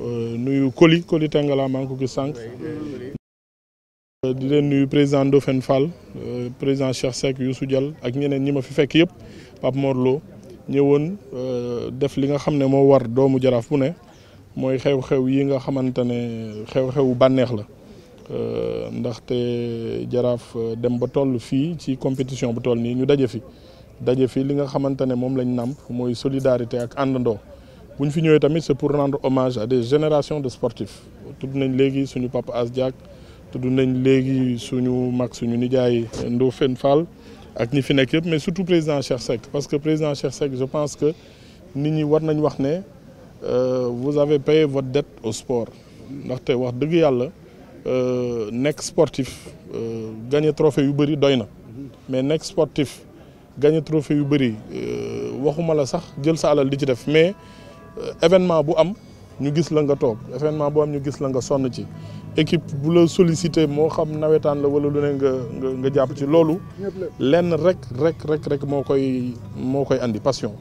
Euh, nuyu Koli Koli Tengala maa ngi ko gis sànq. Euh, di leen nuyu président Ndofène Fall euh, président Cheikh Seck Youssou Diall ak ñeneen ñi ma fi fekk yëpp Pape morlo Lo ñëwoon def li nga xam ne moo war doomu jaraaf bu ne mooy xew-xew yi nga xamante ne xew-xewu bànneex la ndaxte jaraaf dem ba toll fii ci compétition bu toll nii ñu daje fi daje fi li nga xamante ne moom lañ nàmp mooy solidarité ak àndandoo. bu ñu fi ñëwee tamit c'est pour rendre hommage à des générations de sportifs le nañ léegi suñu papa Asdiak, Diack tudd nañ léegi suñu Max, suñu nijaay Ndofène fenfal, ak ñi fi nekk yëpp mais surtout président Cheikh parce que président Cheikh je pense que nit ñi war nañ wax euh, vous avez payé votre dette au sport ndaxte wax dëgg yàlla euh, nekk sportif euh, gagner trophée yu bëri mais nekk sportif gagner trophée yu bëri waxuma la sax jël sa alal di ci def mais événement bu am ñu gis la nga toog événement bu am ñu gis la nga sonn ci équipe bu la sollicité moo xam nawetaan la wala lu ne nga nga nga jàpp ci loolu lenn rek rek rek rek moo koy moo koy andi passion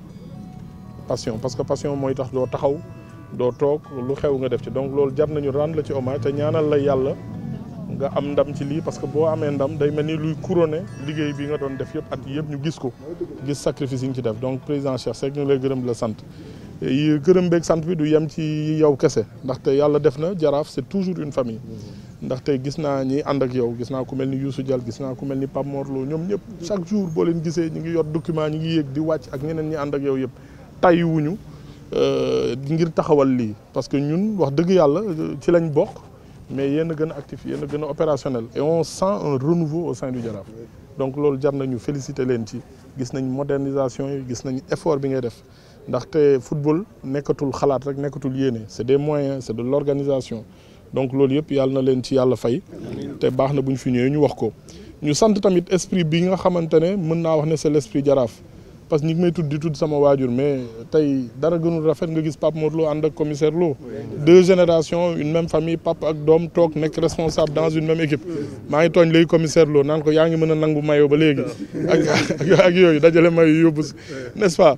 passion parce que passion mooy tax doo taxaw doo toog lu xew nga def ci donc loolu jar nañu rendre la ci hommage te ñaanal la yàlla nga am ndam ci lii parce que boo amee ndam day mel ni luy couronné liggéey bi nga doon def yëpp at yëpp ñu gis ko gis sacrifice yi ci def donc président Cheikh Seck ñu lay gërëm la sant gërëm beeg sant bi du yem ci yow kese ndaxte yàlla def na jaraaf c'est toujours une famille mm-hmm. ndaxte gis naa ñi ànd ak yow gisna naa ku mel ni Youssou Dial gis naa ku mel ni Pape Morlo ñoom ñëpp chaque jour boo leen gisee ñu ngi yor document ñu ngi yéeg di wàcc ak ñeneen ñi ànd ak yow yëpp tàyyiwuñu euh, ngir taxawal lii parce que ñun wax dëgg yàlla euh, ci lañ bokk mais yéen a gën a actif yéen a gën opérationnel et on sent un renouveau au sein du Jaraaf donc loolu jar nañu féliciter leen ci gis nañ modernisation yi gis effort bi ngay def ndaxte football nekkatul xalaat rek nekkatul yéene c'est des moyens c'est de l'organisation donc loolu yëpp yàlla na leen ci yàlla fay te baax na bu ñu fi ñëwee ñu wax ko ñu sant tamit esprit bi nga xamante ne mën wax ne c'est l'esprit jaraaf parce que ñi ngi may tudd di tudd sama waajur mais tey dara gënul rafet nga gis Pape Mor Lo ànd ak commissaire Lo deux générations une même famille papa ak doom toog nekk responsable dans une même équipe maa ngi tooñ léegi commissaire Lo naan ko yaa ngi mën a nangu mayo ba léegi ak ak yooyu dajale mayo yóbbu n'est-ce pas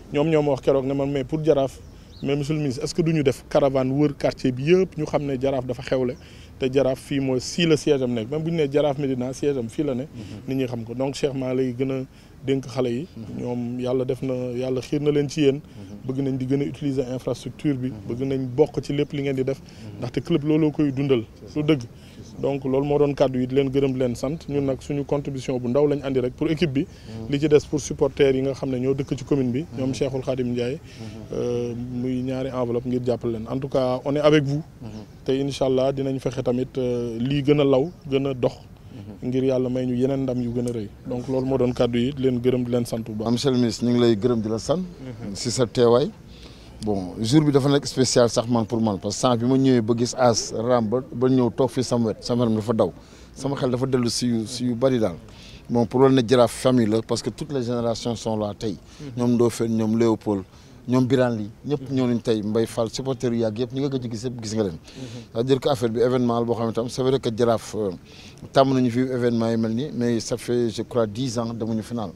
ñoom ñoo ma wax keroog ne man mais pour jaraaf mais monsieur le ministre est-ce que du ñu def caravane wër quartier bi yëpp ñu xam ne jaraaf dafa xewle te jaraaf fii mooy sii la siège am nekk même bu ñu nee jaraaf Médina siège am fii la ne. Mhm. ni ñuy xam ko donc Cheikh maa lay gën a dénk xale yi. Mhm. ñoom yàlla def na yàlla xiir na leen ci yéen. Mhm. bëgg nañ di gën a utiliser infrastructure bi. bëgg nañ bokk ci lépp li ngeen di def. ndaxte club looloo koy dundal. lu dëgg. donc loolu mo doon cadeau yi di leen gërëm di leen sant ñun nag suñu contribution bu ndaw lañ andi rek pour équipe bi. Mm-hmm. li ci des pour supporter yi nga xam ne ñoo dëkk ci commune bi. Mm-hmm. ñoom Cheikhul Khadim Ndiaye. Mm-hmm. Euh, muy ñaari enveloppe ngir jàppale leen en tout cas on est avec vous. te inshallah, dinañ fexe tamit euh, lii gën a law gën a dox. ngir yàlla may ñu yeneen ndam yu gën a rëy donc loolu moo doon kàddu yi di leen gërëm di leen sant bu baax. monsieur le ministre ñu ngi lay gërëm di la sant. si sa teewaay bon jour bi dafa nek spécial sax man pour man parce que sans bi ma ñëwee ba gis as ram ba ñëw tok fi samwet wet sama dafa daw sama xel dafa delu si yu si yu bëri daal bon pour loolu ne jaraaf famille la parce que toutes les générations sont là tay mm-hmm. ñom do Ndofène ñom Léopold ñom biran li ñep ñoo ñu tay Mbaye Fall supporters yu yàgg yëpp ñi nga gëj gis yëpp gis nga len c'est-à-dire que affaire bi événement bo boo xam ne tam c'est vrai que Jaraaf euh, tàmm nañu fi événement yi melni mais ça fait je crois 10 ans de demuñu final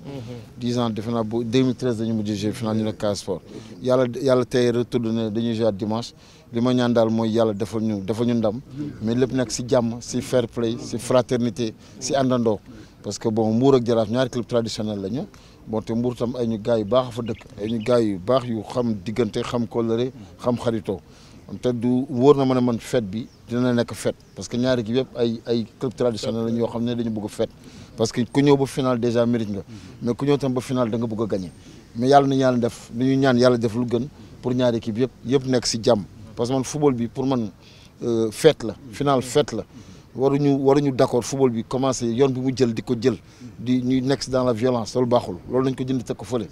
10 ans defe naa bu 2013 dañu mujj jouer final ñu ne Casa Sport yalla yàlla tey retourné dañuy jouer dimanche li ma ñaan dal moy yalla defal ñu defal ñu ndam mais lepp nag ci jamm ci fair play ci fraternité ci andando parce que bon Mbour ak Jaraaf ñaari club traditionnel lañu bon te Mbour tam ay ñu gars yu baax a fa dëkk ay ñu gars yu baax yu xam diggante xam kóllëre xam xaritoo te du wóor na ma ne man fête bi dina nekk fête parce que ñaari gi yëpp ay ay lañ yoo xam ne dañu bëgg fête parce que ku ñëw ba final déjà mérite nga mais ku ñëw tam ba final da nga bëgg a gagné mais yàlla na yàlla def nu ñu ñaan yàlla def lu gën pour ñaari équipe yëpp yëpp nekk si jàmm parce que man football bi pour man euh, fête la final fête la waruñu waruñu d'accord football bi commencé yone bi mu jël diko jël di ñuy nekk dans la violence loolu baxul lool nañ ko jënd te ko feulé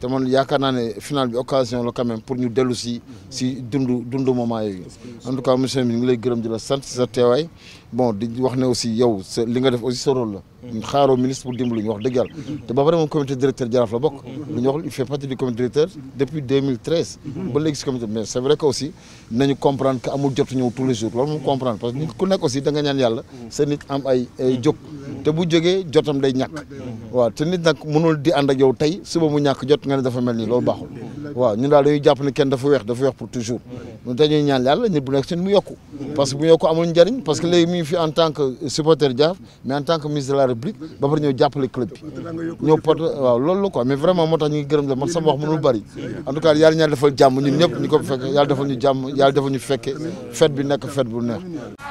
te man yaakaar naa ne final bi occasion la quand même pour ñu dellu si si dundu dundu moment en tout cas monsieur mi ngi lay gërëm di la sant si sa teewaay bon di wax ne aussi yow sa li nga def aussi sa rôle ñu xaaroo ministre pour dimbali ñu wax dëgg yàlla te ba pare moom comité directeur jaraaf la bokk ñu wax il fait partie du comité directeur depuis 2013 ba léegi si comité mais c'est vrai que aussi nañu comprendre que amul jot ñëw tous les jours loolu moom comprendre parce que ku nekk aussi da nga ñaan yàlla sa nit am ay ay té bu joggé jotam day ñàkk wa té nit nak mënul di and ak yow tey suba mu ñak jot nga ne dafa melni ni baxul wa ñun daal dañuy japp né kenn dafa wéx dafa wéx pour toujours ñun dañuy ñaan yalla nit bu nek seen mu yokku parce que bu yokku amul njariñ parce que léegi mi fi en tant que supporter Diaf mais en tant que ministre de la République ba pare ñëw jàppale club bi ñëw pot wa loolu la quoi mais vraiment moo tax ñu gërëm la man sama wax mënul bari en tout cas yalla ñaan defal jamm ñun ñëpp ñiko fekk yalla yàlla defal ñu jamm yalla defal ñu fekke fête bi nek fête bu neex